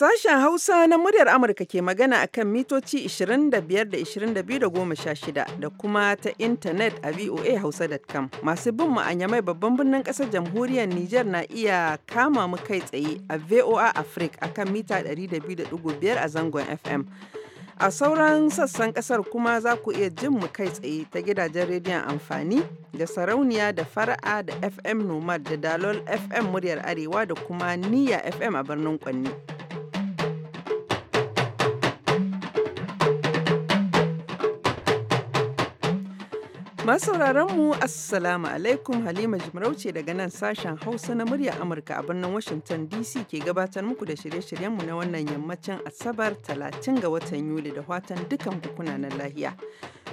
Sashen Hausa na muryar Amurka ke magana a kan mitoci 25 da 22 da 16 da kuma ta intanet a voahausa.com. Masu bin mu a babban birnin ƙasar jamhuriyar Nijar na iya kama mu kai tsaye a VOA Africa a kan mita 200.5 a zangon FM. A sauran sassan kasar kuma za ku iya jin mu kai tsaye ta gidajen rediyon amfani da sarauniya da fara'a da FM Nomad da Dalol FM muryar Arewa da kuma niya FM a birnin Kwanni. Masu mu Assalamu alaikum Halima Jimarauce daga nan sashen Hausa na murya Amurka a birnin Washington DC ke gabatar muku da shirye-shiryenmu na wannan yammacin Asabar 30 ga watan Yuli da watan dukan kuna na lahiya.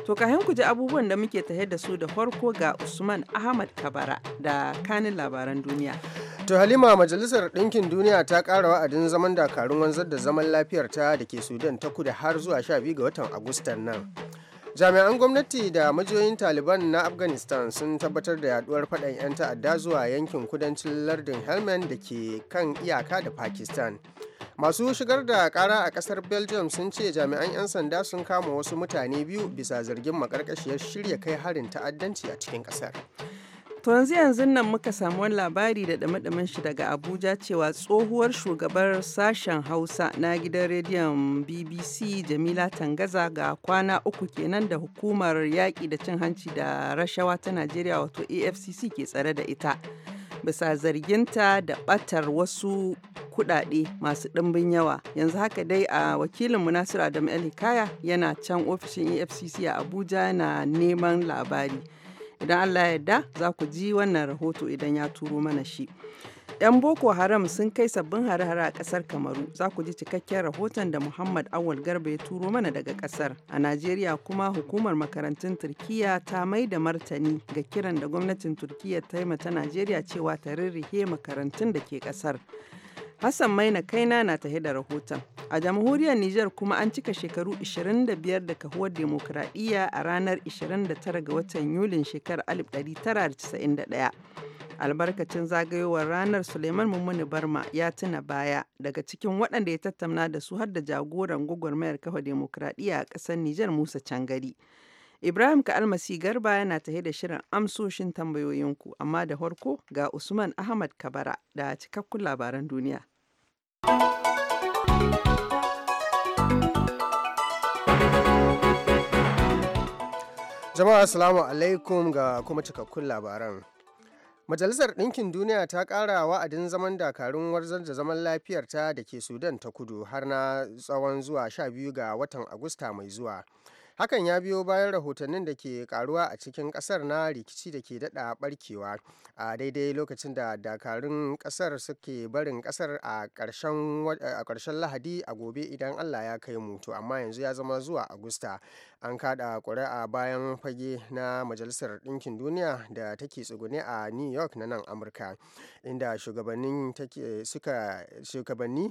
To ka ku ji abubuwan da muke tahe da su da farko ga Usman Ahmad Kabara da kanin labaran duniya. To Halima Majalisar Ɗinkin Duniya ta ƙara wa'adin zaman dakarun wanzar da zaman lafiyarta da ke Sudan ta kudu har zuwa 12 ga watan Agustan nan. jami'an gwamnati da majiyoyin taliban na afghanistan sun tabbatar da yaduwar fadan 'yan ta'adda zuwa yankin kudancin lardin helmand da ke kan iyaka da pakistan masu shigar da kara a kasar belgium sun ce jami'an 'yan sanda sun kama wasu mutane biyu bisa zargin makarkashiyar shirya kai harin ta'addanci a cikin kasar To yanzu yanzu nan muka samu wani labari da dame shi daga Abuja cewa tsohuwar shugabar sashen Hausa na gidan rediyon BBC Jamila Tangaza ga kwana uku kenan da hukumar yaƙi da cin hanci da rashawa ta Najeriya wato AFCC ke tsare da ita. Bisa zarginta da ɓatar wasu kuɗaɗe masu ɗimbin yawa. Yanzu haka dai a wakilin Munasir Adam El Hikaya yana can ofishin AFCC a Abuja na neman labari. idan allah yarda za ku ji wannan rahoto idan ya turo mana shi 'yan boko haram sun kai sabbin hare-hare a ƙasar kamaru za ku ji cikakken rahoton da muhammad awal garba ya turo mana daga ƙasar a najeriya kuma hukumar makarantun turkiyya ta mai da martani ga kiran da gwamnatin turkiyya ta yi ta najeriya cewa ta rirrihe makarantun da ke ƙasar. Hassan Maina kaina na tahe da rahoton. A jamhuriyar Nijar kuma an cika shekaru 25 da kahuwar demokuraɗiyya a ranar 29 ga watan Yulin shekarar 1991. Albarkacin zagayowar ranar Suleiman Mummuni Barma ya tuna baya daga cikin waɗanda ya tattauna da su har da jagoran gwagwarmayar kafa demokuraɗiyya a ƙasar Nijar Musa Cangari. Ibrahim Ka'almasi Garba yana tahe da shirin amsoshin tambayoyinku, amma da farko ga Usman Ahmad Kabara da cikakkun labaran duniya. jama'a assalamu alaikum ga kuma cikakkun labaran majalisar ɗinkin duniya ta ƙara wa'adin zaman dakarun warzar da zaman lafiyarta da ke sudan ta kudu har na tsawon zuwa 12 ga watan agusta mai zuwa hakan ya biyo bayan rahotannin da ke karuwa a cikin kasar na rikici da ke dada barkewa a daidai lokacin da dakarun kasar suke barin kasar a karshen lahadi a gobe idan allah ya kai mu amma yanzu ya zama zuwa agusta an kada ƙuri'a bayan fage na majalisar ɗinkin duniya da take tsugune a new york na nan amurka inda shugabanni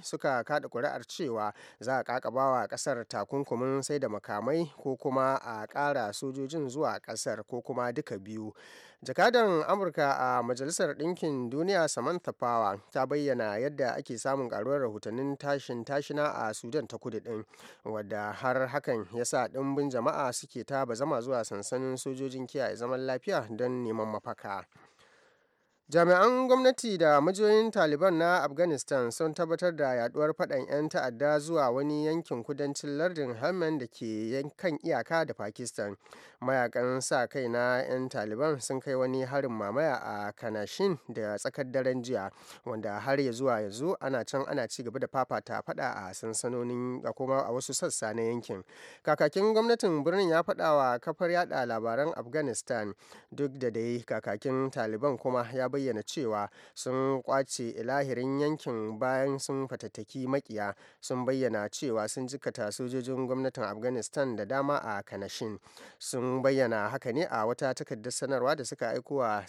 suka kada ƙuri'ar cewa za a kakabawa kasar takunkumin sai da makamai ko ko kuma a ƙara sojojin zuwa ƙasar ko kuma duka biyu jakadan amurka a majalisar ɗinkin duniya samantha power ta bayyana yadda ake samun karuwar rahotannin tashin tashina a sudan ta kudu ɗin wadda har hakan ya sa ɗimbin jama'a suke ta bazama zuwa sansanin sojojin kiyaye zaman lafiya don neman mafaka jami'an gwamnati da majiyoyin taliban na afghanistan sun tabbatar da yaduwar faɗan 'yan ta'adda zuwa wani yankin kudancin lardin helmand da ke kan iyaka da pakistan mayakan sa kai na 'yan taliban sun kai wani harin mamaya a kanashin da tsakar daren jiya wanda har ya zuwa yanzu ana can ana ci gaba da fafata faɗa a sansanonin a kuma a wasu sassa na yankin kakakin gwamnatin birnin ya faɗawa wa kafar yada labaran afghanistan duk da dai kakakin taliban kuma ya bayyana cewa sun kwace ilahirin yankin bayan sun fatattaki makiya sun bayyana cewa sun jikata sojojin gwamnatin afghanistan da dama a kanashin sun bayyana haka ne a wata takardar sanarwa da suka aiko wa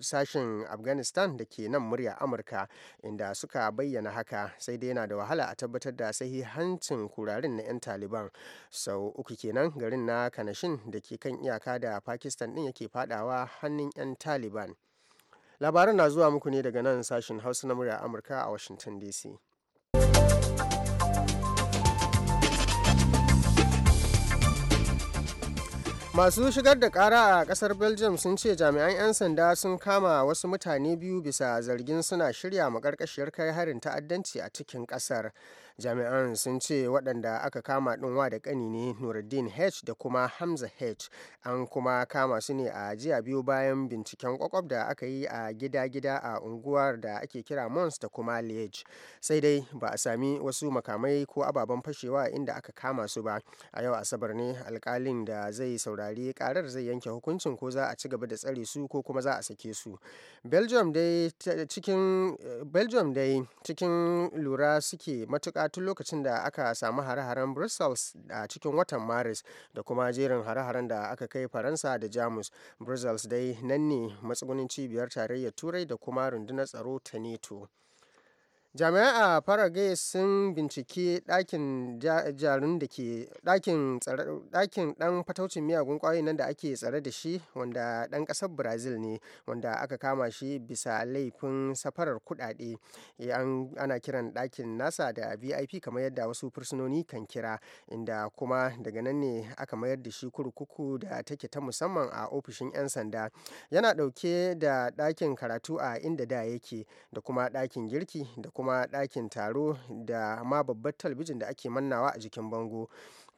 sashen afghanistan da ke nan murya amurka inda suka bayyana haka sai dai yana da wahala a tabbatar da sahihancin kurarin na 'yan taliban sau uku kenan garin na kanashin da ke kan iyaka da pakistan din yake fadawa hannun 'yan taliban labaran na zuwa muku ne daga nan sashen hausa na murya amurka a washington dc masu shigar da kara a kasar belgium sun ce jami'an 'yan sanda sun kama wasu mutane biyu bisa zargin suna shirya makarkashiyar kai harin ta'addanci a cikin kasar jami'an sun ce waɗanda aka kama ɗinwa da ƙani ne nuruddin h da kuma hamza h an kuma kama su ne a jiya biyu bayan binciken kwakwab da aka yi a gida-gida a unguwar da ake kira mons da kuma liege sai dai ba a sami wasu makamai ko ababen fashewa inda aka kama su ba a yau asabar ne alkalin da zai saurari karar zai yanke hukuncin ko za a ci gaba da tsare su ko kuma za a sake su belgium dai eh, cikin lura suke matuƙa tun lokacin da aka samu hare-haren brussels a cikin watan maris da kuma jerin hare-haren da aka kai faransa da jamus brussels dai nan ne matsugunin cibiyar tarayyar turai da kuma rundunar tsaro ta neto jami'ai a sun bincike ɗakin jarin ɗan fataucin miyagun ƙwayoyin nan da ake tsare da shi wanda ɗan ƙasar brazil ne wanda aka kama shi bisa laifin safarar kuɗaɗe e, ana kiran ɗakin nasa da vip kamar yadda wasu fursunoni kan kira inda kuma daga nan ne aka mayar da shi kurkuku da take ta musamman a ofishin 'yan sanda yana ɗauke da ɗakin karatu a inda da yake da kuma ɗakin girki da kuma ɗakin taro da ma babbar talabijin da ake mannawa a jikin bango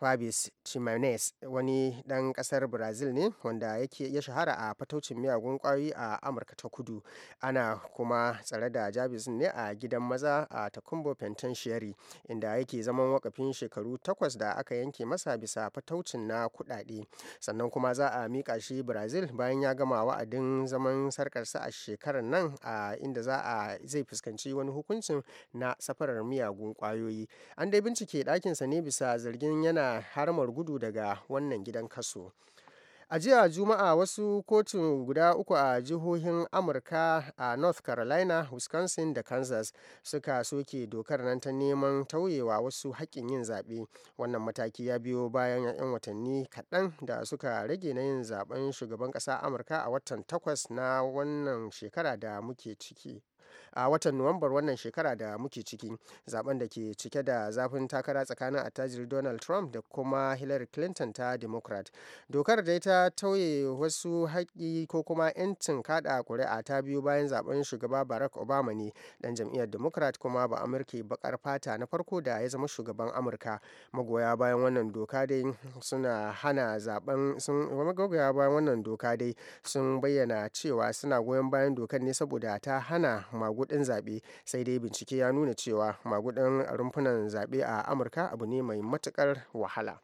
Fabis Chimenez wani ɗan ƙasar Brazil ne wanda ya shahara a fataucin miyagun kwayoyi a Amurka ta Kudu. Ana kuma tsare da Jabis ne a gidan maza a Takumbo Penitentiary inda yake zaman wakafin shekaru takwas da aka yanke masa bisa fataucin na kuɗaɗe. Sannan kuma za a miƙa shi Brazil bayan ya gama wa'adin zaman sarkarsa a shekarar nan a inda za a zai fuskanci wani hukuncin na safarar miyagun kwayoyi An dai bincike ɗakinsa ne bisa zargin yana harmar gudu daga wannan gidan kaso a jiya juma'a wasu kotun guda uku a jihohin amurka a north carolina wisconsin da kansas suka soke dokar nan ta neman tauyewa wasu haƙƙin yin zaɓe wannan mataki ya biyo bayan 'yan watanni kaɗan da suka rage na yin zaɓen shugaban ƙasa amurka a watan takwas na wannan shekara da muke ciki a watan nuwambar wannan shekara da muke ciki zaben da ke cike da zafin takara tsakanin attajiri donald trump da kuma hillary clinton ta democrat dokar da ta tauye wasu haƙƙi ko kuma 'yancin kada kuri'a ta biyu bayan zaben shugaba barack obama ne dan jam'iyyar democrat kuma ba amurke bakar fata na farko da ya zama shugaban amurka magoya bayan wannan doka dai suna hana zaben sun magoya bayan wannan doka dai sun bayyana cewa suna goyon bayan dokar ne saboda ta hana magudin zaɓe sai dai bincike ya nuna cewa magudin rumfunan zaɓe a amurka abu ne mai matukar wahala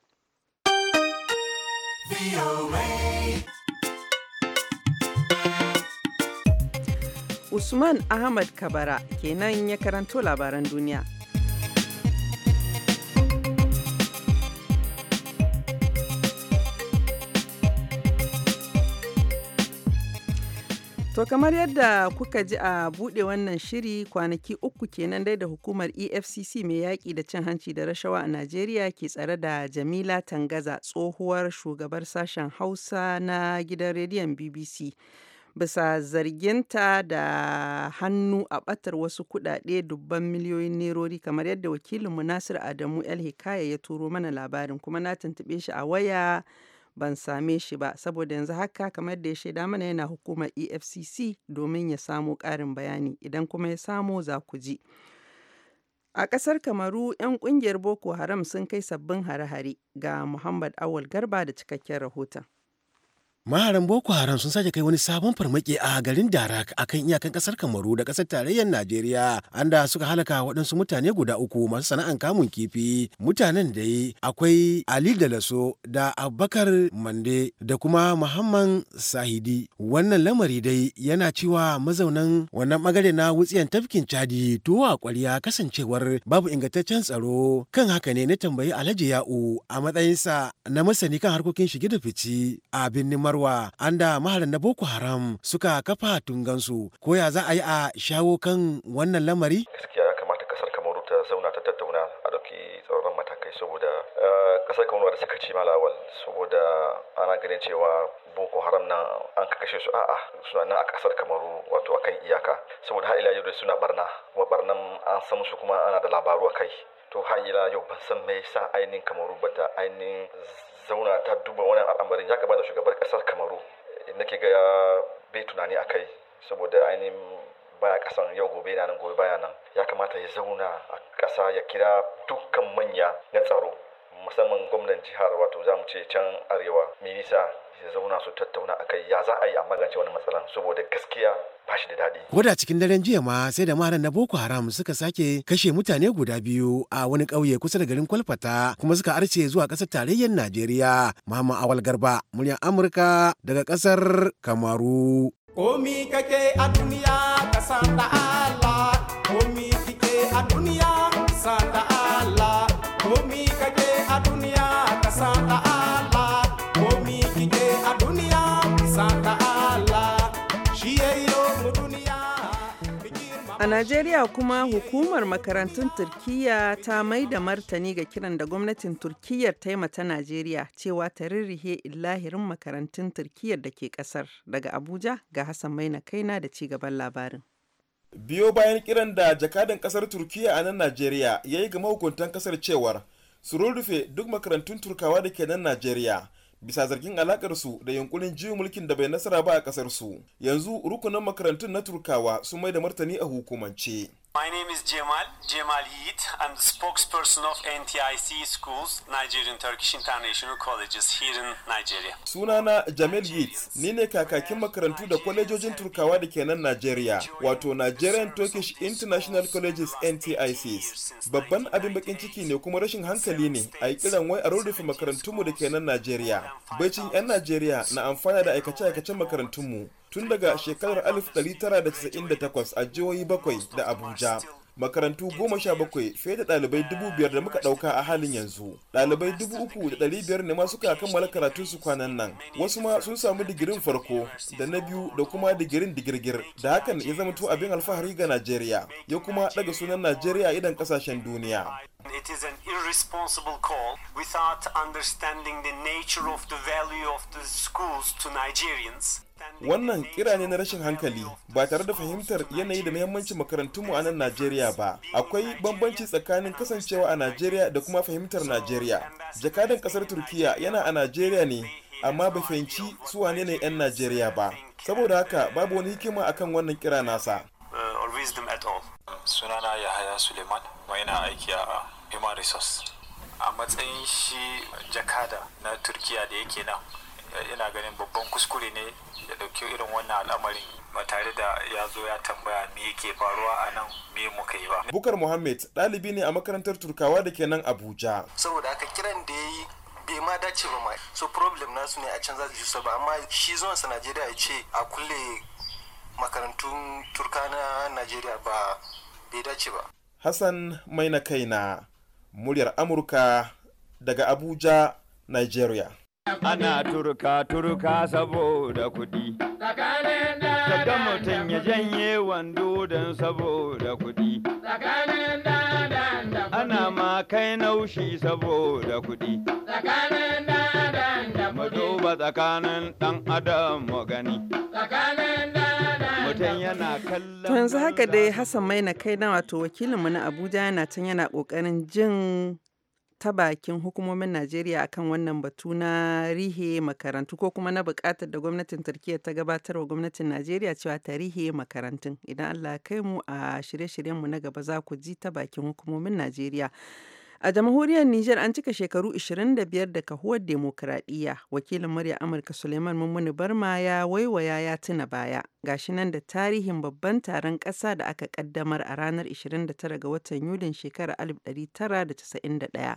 Usman Ahmad Kabara kenan ya karanto labaran duniya. To kamar yadda kuka ji a buɗe wannan shiri kwanaki uku kenan dai da hukumar EFCC mai yaƙi da cin hanci da rashawa a Najeriya ke tsare da Jamila Tangaza tsohuwar shugabar sashen Hausa na gidan rediyon BBC. Bisa zarginta da hannu a ɓatar wasu kuɗaɗe dubban miliyoyin nerori kamar yadda wakilinmu Nasir Adamu El Hikaya ya turo mana labarin kuma na tuntuɓe shi a waya. ban same shi ba saboda yanzu haka kamar da ya shaida mana yana hukumar efcc domin ya samo ƙarin bayani idan kuma ya samo za ku ji a ƙasar kamaru 'yan ƙungiyar boko haram sun kai sabbin hare-hare ga muhammad awal garba da cikakken rahoton maharan boko haram sun sake kai wani sabon farmaki a garin darak a kan iyakan kasar kamaru da kasar tarayyar najeriya anda suka halaka waɗansu mutane guda uku masu sana'an kamun kifi mutanen dai akwai ali da laso da abubakar mande da kuma muhammad sahidi wannan lamari dai yana cewa mazaunan wannan magare na wutsiyan tafkin chadi tuwo a kwarya kasancewar babu ingantaccen tsaro kan haka ne na tambayi alhaji ya'u a matsayinsa na masani kan harkokin shige da fici a birnin samarwa an da maharan na boko haram suka kafa tungansu ko ya za a yi a shawo kan wannan lamari gaskiya ya kamata kasar kamaru ta zauna ta tattauna a dauki tsauraran matakai saboda eh, kasar kamaru da suka ci malawal saboda ana ganin cewa boko haram nan an kashe su a'a suna nan a kasar kamaru wato akan iyaka saboda har ila yau suna barna kuma barnan an san su kuma ana da labaru a kai to har ila yau ban san me yasa ainihin kamaru bata ainihin zauna ta duba wani al'amarin ya gabata shugabar kasar kamaru eh, nake ga bai tunani a kai saboda ainihin baya kasan yau gobe na nan gobe baya nan ya kamata ya zauna a kasa ya kira dukkan manya na tsaro musamman gwamnan jihar wato za mu ce can arewa minista ya zauna su tattauna a kai ya za a yi a magance wani matsalan saboda gaskiya bashi da daɗi. Koda cikin daren jiya ma sai da maran na Boko Haram suka sake kashe mutane guda biyu a wani ƙauye kusa da garin Kwalfata kuma suka arce zuwa ƙasar tarayyar Najeriya. Mama Awal Garba, muryar Amurka daga ƙasar Kamaru. Komi kake a duniya ka san da A Najeriya kuma hukumar makarantun Turkiyya ta mai da martani ga kiran da gwamnatin Turkiyyar ta yi mata Najeriya cewa ta rirrihe illahirin makarantun Turkiyyar da ke kasar daga Abuja ga Hassan Maina kaina da ci gaban labarin. Biyo bayan kiran da jakadan kasar Turkiyya a nan Najeriya ya yi ga mahukuntan kasar cewar su rurrufe duk makarantun Turkawa da ke nan Najeriya bisa zargin alakarsu da yankunan juyin mulkin da bai nasara ba a kasarsu yanzu rukunin makarantun na turkawa sun mai da martani a hukumance My name is Cemal, Cemal Yiğit. I'm the spokesperson of NTIC Schools, Nigerian Turkish International Colleges here in Nigeria. Sunana Jamil Yiğit, ni ne kakakin makarantu da kwalejojin Turkawa da ke nan Nigeria, wato Nigerian Turkish International Colleges NTICs. Babban abin bakin ciki ne kuma rashin hankali ne a yi kiran wai a rurrufe makarantunmu da ke nan Nigeria. Baicin 'yan Najeriya na amfana da aikace-aikacen makarantunmu. tun daga shekarar 1998 a jihohi bakwai da abuja makarantu goma sha bakwai fiye da ɗalibai dubu biyar da muka ɗauka a halin yanzu ɗalibai dubu uku da ɗari biyar ne ma suka kammala karatun su kwanan nan wasu ma sun samu digirin farko da na biyu da kuma digirin digirgir da hakan ya zama to abin alfahari ga najeriya ya kuma ɗaga sunan najeriya idan ƙasashen duniya It an irresponsible call without understanding the nature of the value of the schools to Nigerians. wannan kira ne na rashin hankali ba tare da fahimtar yanayi da muhimmancin makarantunmu a nan najeriya ba akwai bambanci tsakanin kasancewa a najeriya da kuma fahimtar najeriya jakadan kasar turkiya yana a najeriya ne amma bai fahimci su wane ne 'yan najeriya ba saboda haka babu wani hikima akan wannan kira nasa uh, sunana yahaya suleiman mai yana aiki a human resource a matsayin shi jakada na turkiya da yake nan yana eh, ganin babban kuskure ne ya ɗauki irin wannan al'amarin ba tare da ya zo ya tambaya me yake faruwa a nan me muka yi ba. Bukar Muhammad ɗalibi ne a makarantar Turkawa da ke nan Abuja. Saboda haka kiran da ya yi bai ma dace ba ma so problem nasu ne a can za su ba amma shi zuwansa Najeriya ya ce a kulle makarantun Turka na Najeriya ba bai dace ba. Hassan Maina Kaina, muryar Amurka daga Abuja, Nigeria. Ana turka turka saboda kuɗi. Daga mutum ya janye wando don saboda kuɗi. Ana ma kai naushi saboda kuɗi. Mu duba tsakanin ɗan adam mu gani. To yanzu haka dai Hassan Maina kai na wato wakilinmu na Abuja yana can yana ƙoƙarin jin ta bakin hukumomin Najeriya akan wannan batu na rihe makarantu ko kuma na bukatar da gwamnatin Turkiyya ta gabatar wa gwamnatin Najeriya cewa ta rihe makarantun. Idan Allah kai mu a shirye-shiryenmu na gaba za ku ji ta bakin hukumomin Najeriya. A jamhuriyar Nijar an cika shekaru 25 da kahuwar demokuraɗiyya. Wakilin murya Amurka Suleiman Mummuni Barma ya waiwaya ya tuna baya. Gashi nan da tarihin babban taron ƙasa da aka ƙaddamar a ranar 29 ga watan Yulin shekarar 1991,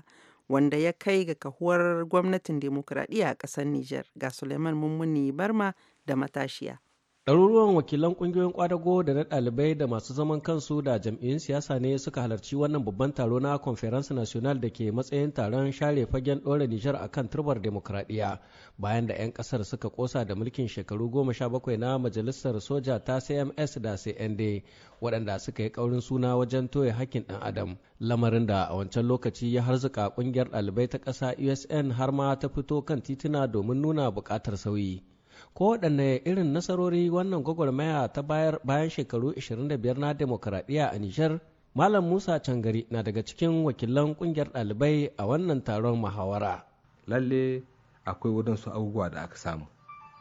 wanda ya kai ga kahuwar gwamnatin demokuraɗiyya a ƙasar Nijar. Ga Suleiman Mummuni Barma da matashiya. Ɗaruruwan wakilan ƙungiyoyin ƙwadago da na ɗalibai da masu zaman kansu da jam'iyyun siyasa ne suka halarci wannan babban taro na Conference National da ke matsayin taron share fagen ɗora Nijar a kan turbar demokuraɗiyya bayan da 'yan ƙasar suka ƙosa da mulkin shekaru goma sha bakwai na majalisar soja ta CMS da CND waɗanda suka yi ƙaurin suna wajen toye hakkin ɗan adam. Lamarin da a wancan lokaci ya harzuka ƙungiyar ɗalibai ta ƙasa USN har ma ta fito kan tituna domin nuna buƙatar sauyi. ko waɗanne irin nasarori wannan gwagwarmaya ta bayar bayan shekaru 25 na demokuraɗiyya a Nijar, Malam Musa Cangari na daga cikin wakilan ƙungiyar ɗalibai a wannan taron muhawara. Lalle akwai wadansu abubuwa da aka samu,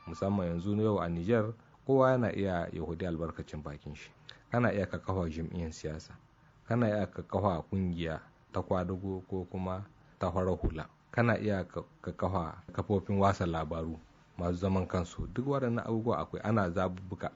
musamman yanzu yau a Nijar kowa yana iya Yahudi albarkacin bakin shi, kana iya ka kafa jam'iyyar siyasa, kana iya ka kafa ƙungiya ta kwadugo ko kuma ta hula, kana iya ka kafa kafofin wasa labaru. masu zaman kansu duk waɗannan abubuwa akwai ana zabubuka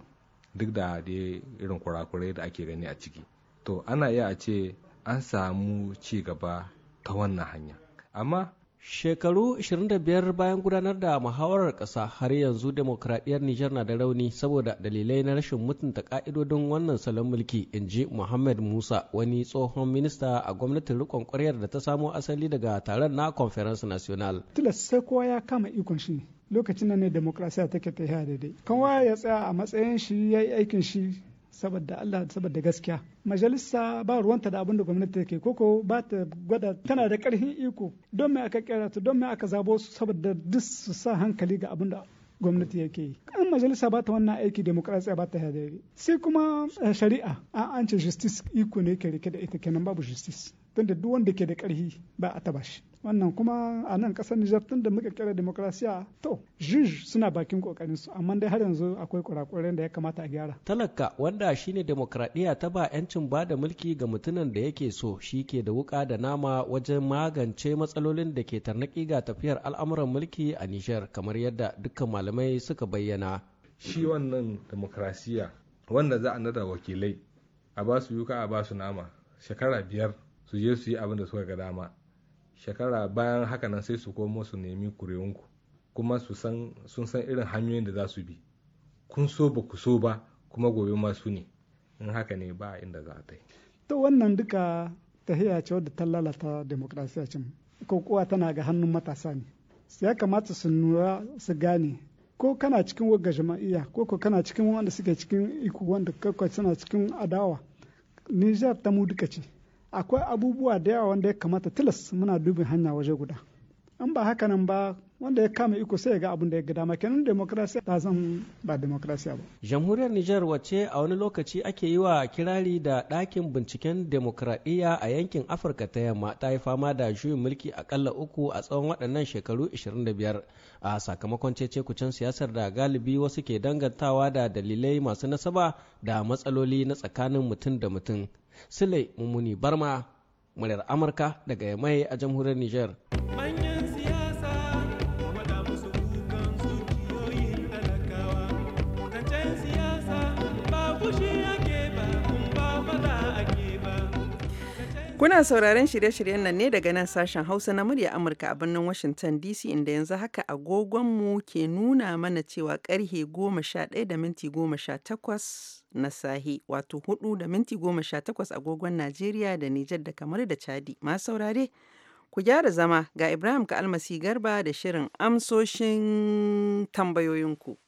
duk da dai irin kurakurai da ake gani a ciki to ana iya a ce an samu ci gaba ta wannan hanya amma shekaru 25 bayan gudanar da muhawarar ƙasa har yanzu demokradiyyar nijar na da rauni saboda dalilai na rashin mutunta ka'idodin wannan salon mulki in ji muhammad musa wani tsohon minista a gwamnatin rikon kwaryar da ta samo asali daga taron na conference national tilas sai kowa ya kama ikon shi lokacin nan ne demokrasiya take ta yi daidai kanwa ya tsaya a matsayin shi ya yi aikin shi saboda Allah saboda gaskiya majalisa ba ruwanta da abin da gwamnati take koko ba ta gwada tana da karfin iko don me aka kera ta don me aka zabo su saboda duk su sa hankali ga abin da gwamnati yake yi kan majalisa ba ta wannan aiki demokrasiya ba ta hadari sai kuma eh, shari'a an ce justice iko ne ke rike da ita kenan babu justice tunda duk wanda ke da karfi ba a taba shi wannan kuma a nan kasar Nijar tun da muka kira demokrasiya to juj suna bakin kokarin su amma dai har yanzu akwai kurakuren da ya kamata a gyara talaka wanda shine demokradiya ta ba yancin ba da mulki ga mutumin da yake so shi ke da wuka da nama wajen magance matsalolin da ke tarnaki ga tafiyar al'amuran mulki a Nijar kamar yadda dukkan malamai suka bayyana shi wannan demokrasiya wanda za a nada wakilai a ba su yuka a ba su nama shekara biyar su je su yi abin da suka ga dama shekara bayan haka nan sai su komo su nemi kurewunku kuma su sun san irin hanyoyin da za su bi kun so ba ku so ba kuma gobe masu ne in haka ne ba inda za ta yi to wannan duka ta ce wadda ta lalata demokrasiya cin kokowa tana ga hannun matasa ne ya kamata su nura su gane ko kana cikin wagga jama'iya ko ko kana cikin wanda suke cikin iko wanda kakwai suna cikin adawa nijar ta mu duka ce akwai abubuwa da yawa wanda ya kamata tilas muna dubin hanya waje guda an ba haka nan ba wanda ya kama iko sai ya ga abin da ya ga dama kenan demokrasiya ta zan ba demokrasiya ba jamhuriyar Nijar wace a wani lokaci ake yi wa kirari da dakin binciken demokradiyya a yankin Afirka ta yamma ta yi fama da juyin mulki akalla uku a tsawon waɗannan shekaru 25 a sakamakon cece kucin siyasar da galibi wasu ke dangantawa da dalilai masu nasaba da matsaloli na tsakanin mutum da mutum Sule Mummuni Barma, muryar Amurka daga Yamai a jamhuriyar Nijar. Kuna sauraron shirye-shiryen nan ne daga nan sashen Hausa na murya Amurka a birnin Washington DC inda yanzu haka agogonmu ke nuna mana cewa karhe goma sha ɗaya da minti goma na sahi wato hudu da minti goma sha takwas agogon Najeriya da Nijar da kamar da Chadi. ma saurare, ku gyara zama ga Ibrahim Ka'almasi Garba da shirin amsoshin tambayoyinku.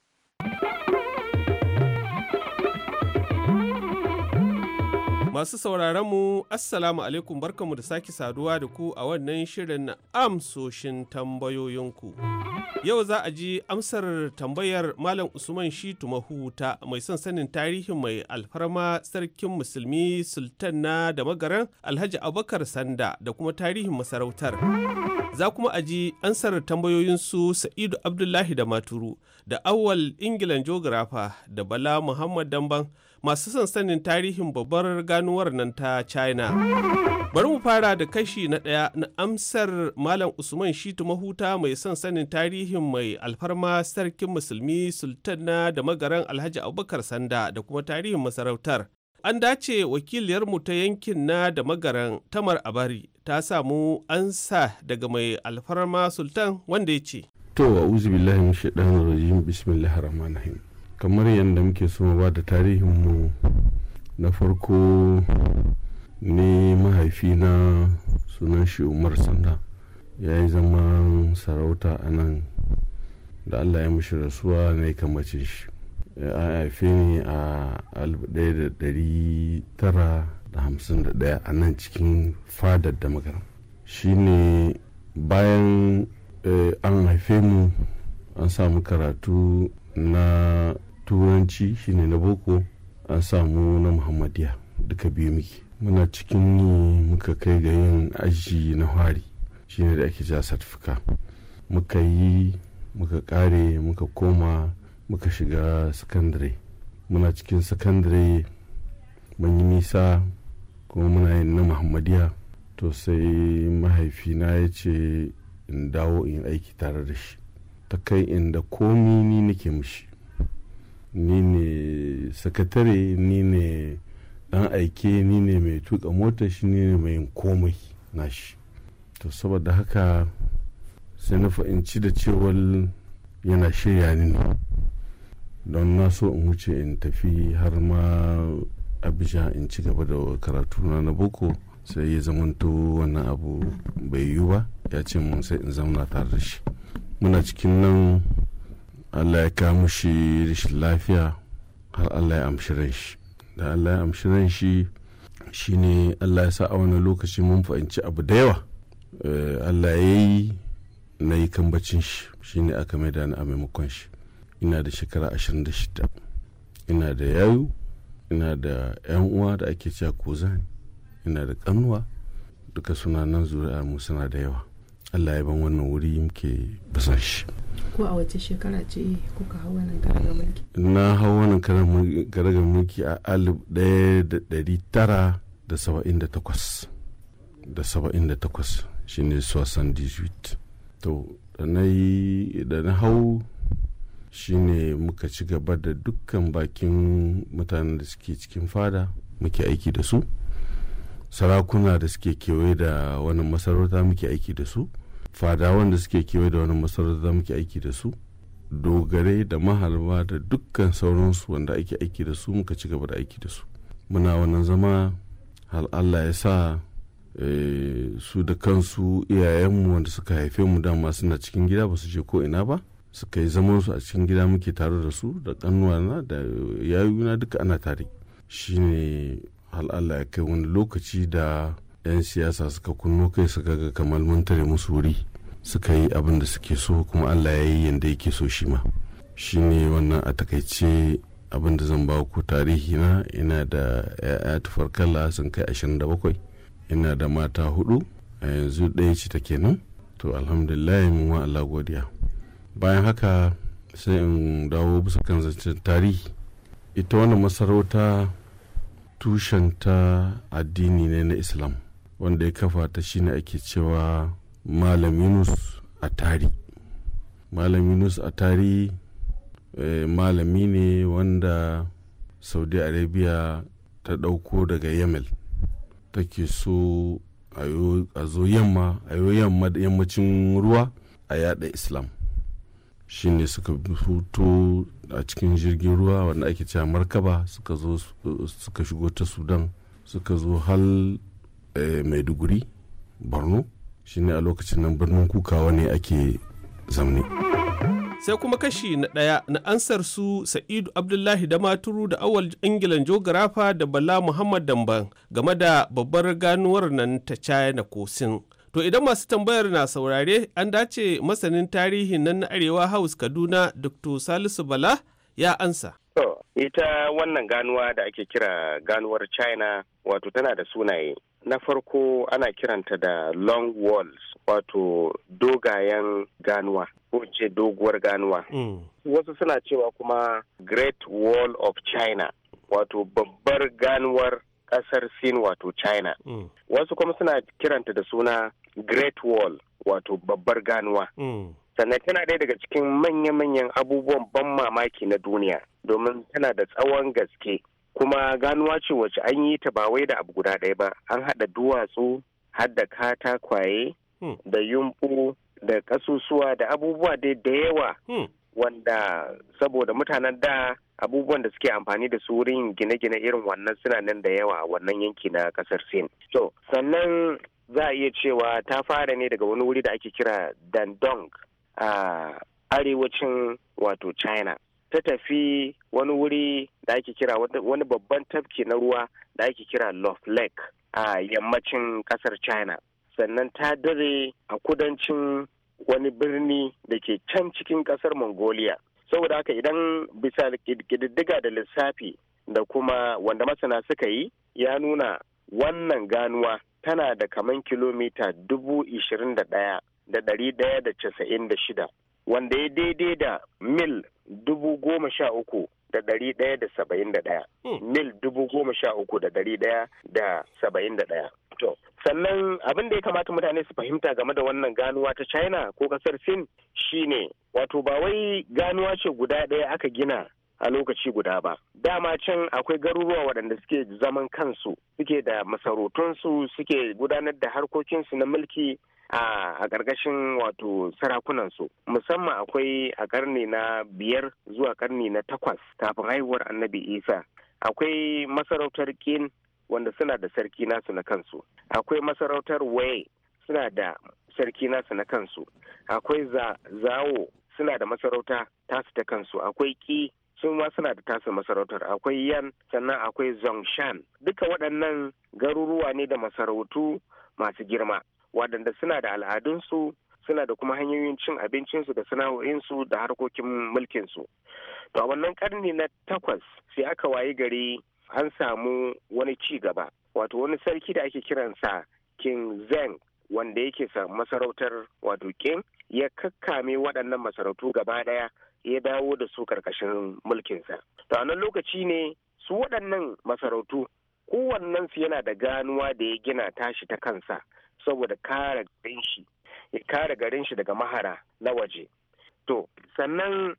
Masu sauraron mu Assalamu alaikum barkanmu da sake saduwa da ku a wannan shirin amsoshin tambayoyinku. Yau za a ji amsar tambayar Malam Usman Shitu Mahuta mai son sanin tarihin mai alfarma sarkin musulmi sultan na da magaran Alhaji Abubakar Sanda da kuma tarihin masarautar. Za kuma a ji ansar tambayoyinsu Sa'idu Abdullahi da Maturu da Awal Ingilan Jogarafa da Bala Muhammad Damban. masu son sanin tarihin babbar ganuwar nan ta china bari mu fara da kashi na ɗaya na amsar malam usman shitu mahuta mai son sanin tarihin mai alfarma sarkin musulmi sultana da magaran alhaji abubakar sanda da kuma tarihin masarautar an dace wakiliyarmu ta yankin na da magaran tamar abari ta samu ansa daga mai alfarma sultan wanda ya ce to a uzu billahi bismillahir kamar yadda muke so ba da mu na farko ne na sunan shi umar sanda ya yi zaman sarauta a nan da allah ya mushi rasuwa na kamacin shi ya haife ni a 1951 a nan cikin fadar da magana shi ne bayan eh, an haife mu an samu karatu na turanci shine na boko an samu na muhammadiya duka biyu muke muna cikin ne muka kai ga yin aji na hari shine da ake ja satifika muka yi muka kare muka koma muka shiga sakandare muna cikin sakandare mun yi nisa kuma muna yin na muhammadiya to sai mahaifina ya ce in dawo in aiki tare da shi ta kai inda komi ni nake mushi ni ne sakatare ni ne dan aike ni ne mai tuka mota shi ni ne mai komai nashi to saboda haka sai na fahimci da cewar yana shirya ni ne don na so in wuce in tafi har ma abisha in ci gaba da karatu na na boko sai ya zamanto wannan abu bai yiwu ba ya ce mun sai in zauna tare da shi muna cikin nan allah ya kawo shi rashin lafiya har allah ya amshi ran shi da allah ya amshi ran shi shine allah ya sa a wani lokaci mun fahimci abu da yawa eh, allah ya yi na yi kambacin shi shine aka maida ni a maimakon shi ina da shekara ashirin da 26 ina da yayu ina da 'yan uwa da ake cewa kuzan ina da kanuwa duka suna nan zuri'a mu suna da yawa allah ya ban wannan wuri muke basan shi ko a wace shekara ce kuka hau wannan karagar mulki na hau wannan karagar mulki a alif ɗaya da ɗari tara da saba'in da takwas da saba'in da takwas shine sosan dijuit. to da na yi da na hau shine muka ci gaba da dukkan bakin mutanen da suke cikin fada muke aiki da su sarakuna da suke kewaye da wannan masarauta muke aiki da su fadawan da suke kewaye da wannan masarauta muke aiki da su dogare da mahalba da dukkan sauransu wanda ake aiki da su muka ci gaba da aiki da su muna wannan zama hal Allah ya sa eh, su da kansu iyayenmu wanda suka haife mu dama suna cikin gida ba su je ko ina ba suka yi zaman su a cikin gida muke tare da su da kanuwana da yayuna duka ana tare shine al'ala Allah ya kai wani lokaci da 'yan siyasa suka kunno kai su ga kamar mun tare musu wuri suka yi abin da suke so kuma Allah ya yi yadda yake so shi ma shi ne wannan a takaice abin da zan ba ku tarihi na ina da 'ya'ya tufarkalla sun kai bakwai ina da mata hudu a yanzu ɗaya ce ta kenan to alhamdulillah mun wa Allah godiya bayan haka sai in dawo bisa kan zancen tarihi ita wannan masarauta tushenta addini ne na islam wanda ya kafa ta shine ake cewa malam yunus atari malam a tari eh, malami ne wanda saudi arabia ta ɗauko daga yamal take so a zo yamma a yi yammacin ruwa a yada islam shine suka fito a cikin jirgin ruwa wanda ake cewa markaba suka zo suka shigo ta sudan suka zo hal eh, maiduguri borno shine a lokacin nan birnin kukawa ne ake zamne sai kuma kashi na ɗaya na ansar su sa'idu abdullahi da maturu da awal ingilan jogarafa da bala muhammad damban game da babbar ganuwar nan ta china kosin To idan masu tambayar na saurare an dace masanin tarihin nan na Arewa House Kaduna Dr. Salisu Bala ya ansa. To, ita wannan ganuwa da ake kira ganuwar China wato tana da sunaye. Na farko ana kiranta da long walls wato dogayen ganuwa ko ce doguwar ganuwa. Hmm. Wasu suna cewa kuma Great Wall of China wato babbar ganuwar kasar sin wato china mm. wasu kuma suna kiranta da suna great wall wato babbar ganuwa mm. sannan tana ɗaya daga cikin manya-manyan abubuwan ban mamaki na duniya domin tana da tsawon gaske kuma ganuwa ce wacce an yi ta ba wai da abu guda ɗaya ba an haɗa duwatsu har da katakwaye mm. da yumɓu da ƙasusuwa da abubuwa dai da yawa wanda saboda mutanen da abubuwan da suke amfani da su wurin gine-gine irin wannan suna nan da yawa wannan yanki na kasar sin so sannan za a iya cewa ta fara ne daga wani wuri da ake kira dandong a arewacin wato china ta tafi wani wuri da ake kira wani babban tafki na ruwa da ake kira love lake a yammacin kasar china sannan ta dare a kudancin wani birni da ke can cikin kasar mongolia saboda haka idan bisa ƙididdiga da lissafi da kuma wanda masana suka yi ya nuna wannan ganuwa tana da kaman kilomita dubu ishirin da ɗaya da ɗari ɗaya da casa'in da shida wanda ya daidai da mil dubu goma sha uku da ɗari ɗaya da saba'in da ɗaya hmm. mil dubu goma sha uku da ɗari ɗaya da saba'in da ɗaya sannan abin da ya kamata mutane su fahimta game da wannan ganuwa ta china ko kasar sin shine wato ba wai ganuwa ce guda ɗaya aka gina a lokaci guda ba dama can akwai garuruwa waɗanda suke zaman kansu suke da masarautunsu suke gudanar da harkokinsu na mulki a ƙarƙashin wato sarakunansu musamman akwai a ƙarni na biyar zuwa ƙarni na takwas kafin haihuwar annabi isa akwai masarautar kin wanda suna da sarki nasu na kansu akwai masarautar waye suna da sarki nasu na kansu akwai zawo suna da masarauta tasu ta kansu akwai ki sun ma suna da tasu masarautar akwai yan sannan akwai zongshan duka waɗannan garuruwa ne da masarautu masu girma waɗanda suna da al'adunsu suna da kuma hanyoyin cin abincinsu da sana'o'insu da harkokin mulkinsu to a wannan karni na takwas sai aka wayi gari an samu wani ci gaba wato wani sarki da ake kiransa king zeng wanda yake masarautar wato king ya kakkame waɗannan masarautu gaba ɗaya ya dawo da su karkashin mulkinsa to lokaci ne su waɗannan masarautu kowannensu yana da ganuwa da ya gina tashi ta kansa saboda kare garin shi ya kare garin shi daga mahara na waje to sannan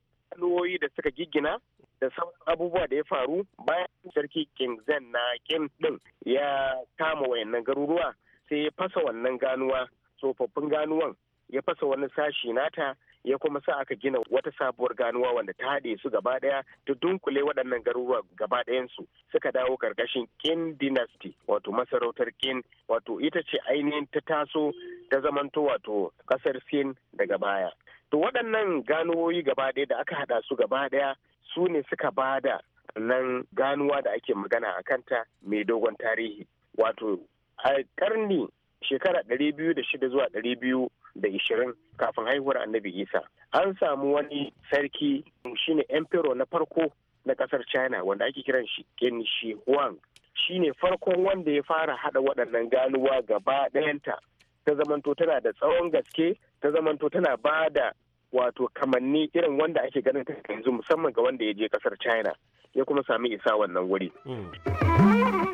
da suka giggina da sauran abubuwa da ya faru bayan sarki Kim Zen na Kim din ya kama wayannan garuruwa sai ya fasa wannan ganuwa tsofaffin ganuwan ya fasa wani sashi nata ya kuma sa aka gina wata sabuwar ganuwa wanda ta haɗe su gaba ɗaya ta dunkule waɗannan garuruwa gaba ɗayansu suka dawo ƙarƙashin kin dynasty wato masarautar kin wato ita ce ainihin ta taso ta zamanto wato ƙasar Sin daga baya to waɗannan ganuwoyi gaba ɗaya da aka haɗa su gaba ɗaya su ne suka ba da nan ganuwa da ake magana a kanta mai dogon tarihi wato a ƙarni shekara ɗari biyu da shida zuwa ɗari biyu da ishirin kafin haihuwar annabi isa an samu wani sarki shine emperor na farko na ƙasar china wanda ake kiran shi ken shi huang shine farkon wanda ya fara haɗa waɗannan ganuwa gaba ɗayanta ta zamanto tana da tsawon gaske ta zamanto tana ba da wato kamanni irin wanda ake ganin ta yanzu musamman ga wanda ya je kasar china ya kuma sami isa wannan wuri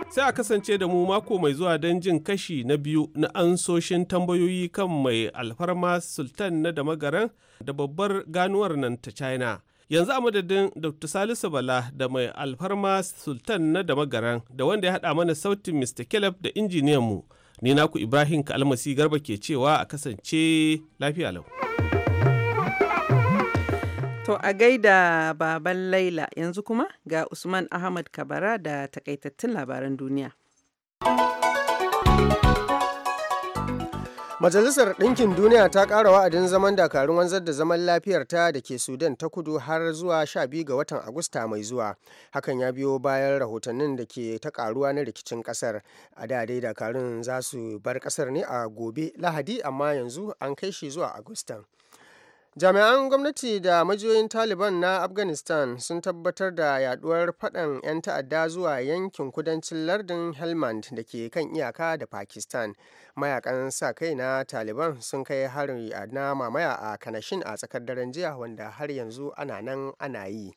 sai a kasance da mu mako mai zuwa don jin kashi na biyu na ansoshin tambayoyi kan mai alfarma sultan na da magaran da babbar ganuwar nan ta china yanzu a madadin dr salisu bala da mai alfarma sultan na da magaran da wanda ya haɗa mana sautin mr caleb da injiniyan mu Ni naku Ibrahim Kalmasi Garba ke cewa a kasance lafiya lau. To a gaida baban Laila yanzu kuma ga Usman Ahmad Kabara da takaitattun labaran duniya. Majalisar Ɗinkin Duniya ta ƙara wa'adin zaman dakarun wanzar da zaman lafiyar ta da ke Sudan ta kudu har zuwa 12 ga watan Agusta mai zuwa. Hakan ya biyo bayan rahotannin da ke ta ƙaruwa na rikicin ƙasar. A da dai dakarun za su bar ƙasar ne a gobe Lahadi amma yanzu an kai shi zuwa Agustan. jami'an gwamnati da majiyoyin taliban na afghanistan sun tabbatar da yaduwar faɗan 'yan ta'adda zuwa yankin kudancin lardin helmand da ke kan iyaka da pakistan mayakan sa kai na taliban sun kai harin na mamaya a kanashin a tsakar daren jiya wanda har yanzu ana nan ana yi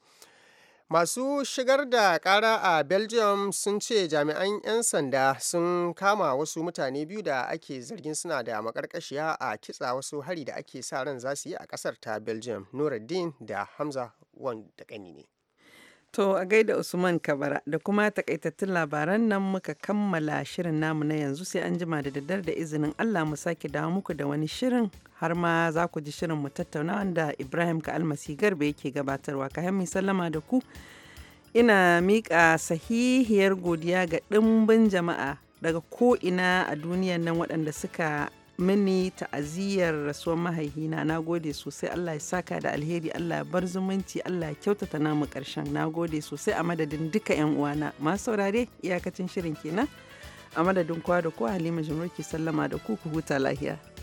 masu shigar da kara a belgium sun ce jami'an 'yan sanda sun kama wasu mutane biyu da ake zargin suna da makarkashiya a kitsa wasu hari da ake sa ran za su yi a kasar ta belgium nuruddin da hamza wanda ne To a gaida Usman Kabara da kuma takaitattun labaran nan muka kammala shirin namu na yanzu sai an jima da daddare da izinin Allah mu sake dawo muku da wani shirin har ma za ku ji shirin mu tattauna wanda Ibrahim ka almasi garba yake gabatarwa ka mai sallama da ku ina miƙa sahihiyar godiya ga ɗimbin jama'a daga ko ina a duniyan nan waɗanda suka mini ta'aziyar rasuwar mahaihina na gode sosai Allah ya saka da alheri Allah ya bar zumunci Allah ya kyautata namu karshen na gode sosai a madadin duka yan uwana masu saurare iyakacin shirin kenan a madadin kwa da kowa Halima Jumrki sallama da ku ku huta lahiya